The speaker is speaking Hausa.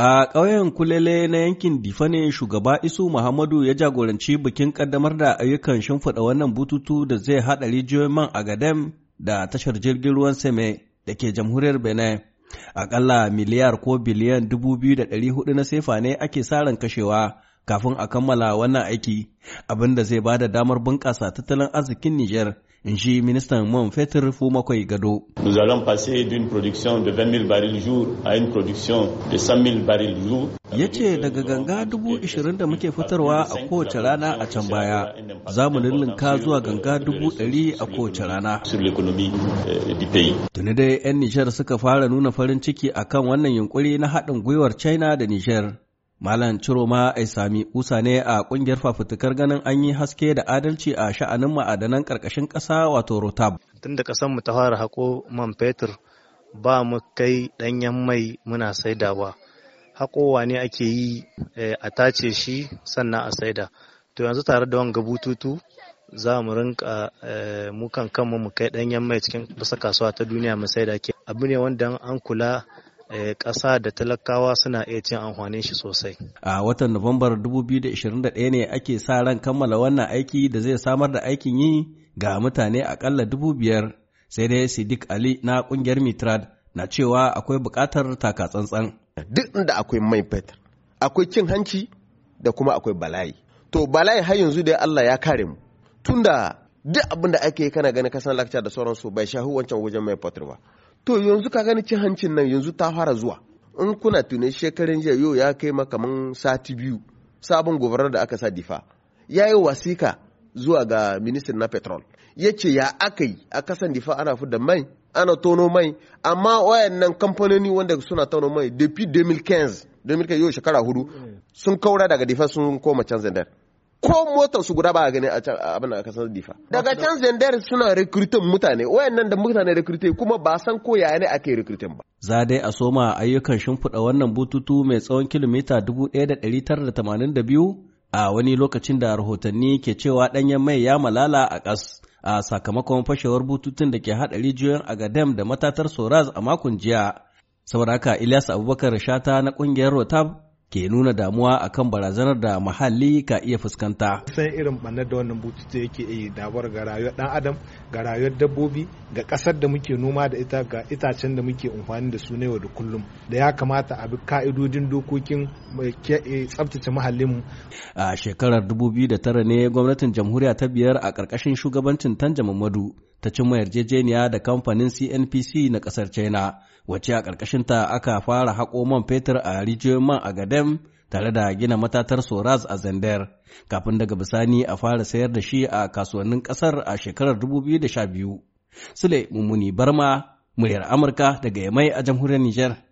A ƙauyen Kulele na yankin Difane shugaba Isu Muhammadu ya jagoranci bikin ƙaddamar da ayyukan shimfiɗa wannan bututu da zai haɗa rijiyoyin man Agadem da tashar jirgin ruwan Seme da ke jamhuriyar Benin. Aƙalla miliyar ko biliyan dubu biyu da ɗari hudu na sefa ne ake saran kashewa kafin a kammala wannan aiki abin da zai bada damar bunƙasa tattalin arzikin Nijar in shi ministan man fetur makwai Gado. Nous allons passer d'une production de 20.000 000 barils jour à une production de 100.000 000 barils jour. Ya ce daga ganga dubu ishirin da muke fitarwa a kowace rana a can baya, za mu lullunka zuwa ganga dubu ɗari a kowace rana. Euh, Tuni dai 'yan Nijar suka fara nuna farin ciki akan wannan yunkuri na haɗin gwiwar China da Nijar. Malam Ciroma Aisami kusa ne a ƙungiyar fafutukar ganin an yi haske da adalci a sha'anin ma'adanan ƙarƙashin ƙasa wato Rotab. Tun da ƙasar mu ta fara haƙo man fetur ba mu kai ɗanyen mai muna saida saidawa. Haƙowa ne ake yi eh, a tace shi sannan a saida. To yanzu tare da wanga bututu za mu rinka eh, mukan kanmu mu kai ɗanyen mai cikin bisa kasuwa ta duniya mu saida ke. Abu ne wanda an kula Eh, ƙasa da talakawa suna iya cin amfanin shi sosai. A watan Nuwambar 2021 ne ake sa ran kammala wannan aiki da zai samar da aikin yi ga mutane akalla dubu biyar sai dai Sidik Ali na ƙungiyar Mitrad na cewa akwai buƙatar taka tsantsan. Duk inda akwai mai fetur, akwai cin hanci da kuma akwai bala'i. To bala'i har yanzu dai Allah ya kare mu. Tunda duk abin da ake kana gani kasan lakca da sauransu bai shahu wancan wajen mai fetur ba. to yanzu ka gani cin hancin nan yanzu ta fara zuwa in kuna tunan shekarun jiya yau ya kai makaman sati biyu sabon gobarar da aka sa difa ya yi wasika zuwa ga ministan na petrol ya ce ya aka yi a kasan difa ana da mai ana tono mai amma wayannan kamfanoni wanda suna tono mai depuis 2015 2015 yau shekara hudu mm. sun kaura daga difa sun koma can zandar ko motar su guda ba a gani a can abin a difa daga can suna rekrutin mutane wayannan da mutane rekrutin kuma ba san ko yaya ne ake rekrutin ba za dai a soma ayyukan shimfiɗa wannan bututu mai tsawon kilomita 1982 a wani lokacin da rahotanni ke cewa ɗanyen mai ya malala a ƙas a sakamakon fashewar bututun da ke haɗa rijiyoyin agadem da matatar soraz a makon jiya saboda haka ilyas abubakar shata na ƙungiyar rotab ke nuna damuwa akan barazanar da muhalli ka iya fuskanta. Sai irin banar da wannan bututu yake yi dabar ga rayuwar dan adam ga rayuwar dabbobi ga kasar da muke noma da ita ga itacen da muke amfani da su na yau da kullum da ya kamata a bi ka'idodin dokokin eh, eh, tsabtace muhallinmu. A shekarar da tara ne gwamnatin jamhuriya ta biyar a ƙarƙashin shugabancin Tanja Mamadu ta cimma yarjejeniya da kamfanin CNPC na ƙasar China, wacce a ta aka fara haƙo man fetur a rijiyoyin man a Gadem tare da gina matatar Soraz a Zander, kafin daga bisani a fara sayar da shi a kasuwannin ƙasar a shekarar 2012. Sule Mummuni Barma, muryar Amurka daga Yamai a jamhuriyar Nijar.